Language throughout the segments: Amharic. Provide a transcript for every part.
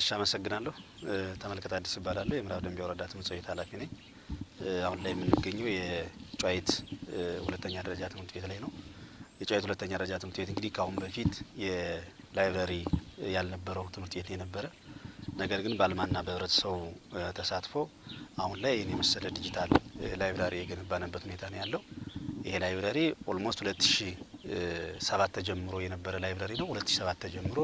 እሺ፣ አመሰግናለሁ። ተመልከት አዲስ ይባላለሁ። የምዕራብ ደንቢያ ወረዳ ትምህርት ቤት ኃላፊ ነኝ። አሁን ላይ የምንገኘው የጨዋይት ሁለተኛ ደረጃ ትምህርት ቤት ላይ ነው። የጨዋይት ሁለተኛ ደረጃ ትምህርት ቤት እንግዲህ ከአሁን በፊት የላይብረሪ ያልነበረው ትምህርት ቤት የነበረ ነገር ግን ባልማና በህብረተሰቡ ተሳትፎ አሁን ላይ ይህን የመሰለ ዲጂታል ላይብራሪ የገነባንበት ሁኔታ ነው ያለው። ይሄ ላይብራሪ ኦልሞስት ሁለት ሺ ሰባት ተጀምሮ የነበረ ላይብራሪ ነው። ሁለት ሺ ሰባት ተጀምሮ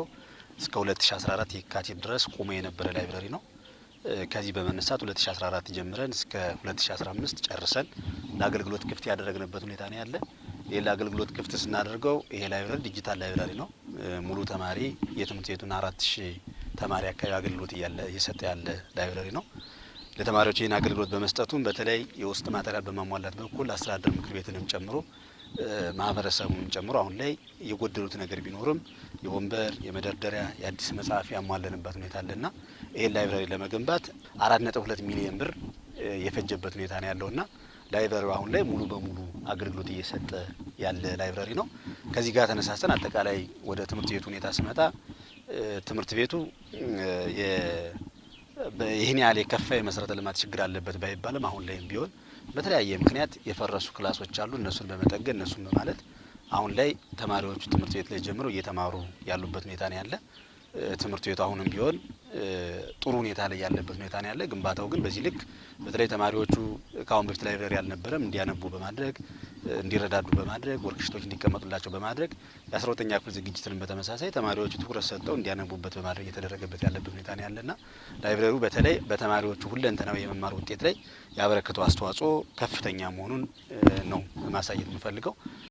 እስከ 2014 የካቲት ድረስ ቆሞ የነበረ ላይብረሪ ነው። ከዚህ በመነሳት 2014 ጀምረን እስከ 2015 ጨርሰን ለአገልግሎት ክፍት ያደረግንበት ሁኔታ ነው ያለ። ይህ ለአገልግሎት ክፍት ስናደርገው ይሄ ላይብረሪ ዲጂታል ላይብረሪ ነው። ሙሉ ተማሪ የትምህርት ቤቱን አራት ተማሪ አካባቢ አገልግሎት እየሰጠ ያለ ላይብረሪ ነው። ለተማሪዎች ይህን አገልግሎት በመስጠቱም በተለይ የውስጥ ማጠሪያ በማሟላት በኩል አስተዳደር ምክር ቤትንም ጨምሮ ማህበረሰቡን ጨምሮ አሁን ላይ የጎደሉት ነገር ቢኖርም የወንበር የመደርደሪያ የአዲስ መጽሐፍ ያሟለንበት ሁኔታ አለና ይህን ላይብራሪ ለመገንባት አራት ነጥብ ሁለት ሚሊዮን ብር የፈጀበት ሁኔታ ነው ያለውና ላይብራሪው አሁን ላይ ሙሉ በሙሉ አገልግሎት እየሰጠ ያለ ላይብራሪ ነው። ከዚህ ጋር ተነሳስተን አጠቃላይ ወደ ትምህርት ቤቱ ሁኔታ ስመጣ ትምህርት ቤቱ ይህን ያህል የከፋ የመሰረተ ልማት ችግር አለበት ባይባልም አሁን ላይም ቢሆን በተለያየ ምክንያት የፈረሱ ክላሶች አሉ። እነሱን በመጠገን እነሱን በማለት አሁን ላይ ተማሪዎቹ ትምህርት ቤት ላይ ጀምረው እየተማሩ ያሉበት ሁኔታ ነው ያለ። ትምህርት ቤቱ አሁንም ቢሆን ጥሩ ሁኔታ ላይ ያለበት ሁኔታ ነው ያለ። ግንባታው ግን በዚህ ልክ በተለይ ተማሪዎቹ ከአሁን በፊት ላይብረሪ አልነበረም፣ እንዲያነቡ በማድረግ እንዲረዳዱ በማድረግ ወርክሽቶች እንዲቀመጡላቸው በማድረግ የአስራ ሁለተኛ ክፍል ዝግጅትንም በተመሳሳይ ተማሪዎቹ ትኩረት ሰጥተው እንዲያነቡበት በማድረግ እየተደረገበት ያለበት ሁኔታ ነው ና ላይብረሪው በተለይ በተማሪዎቹ ሁለንተናዊ የመማር ውጤት ላይ ያበረከተው አስተዋጽኦ ከፍተኛ መሆኑን ነው ማሳየት የምፈልገው።